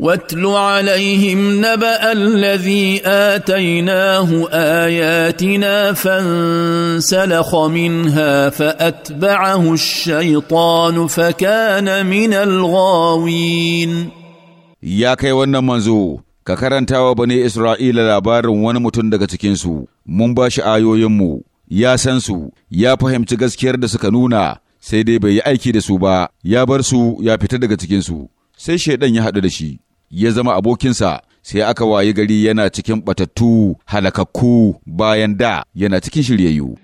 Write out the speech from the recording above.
واتل عليهم نبا الذي اتيناه اياتنا فانسلخ منها فاتبعه الشيطان فكان من الغاوين يا كي wannan manzo ka karantawa wa bane isra'ila labarin wani mutum daga cikinsu mun ba shi ayoyinmu ya san su ya fahimci gaskiyar da suka nuna sai dai bai yi aiki da su ba ya bar su ya fita daga cikinsu sai shaidan ya haɗu da shi ya zama abokinsa sai aka wayi gari yana cikin batattu halakakku bayan da yana cikin shiryayyu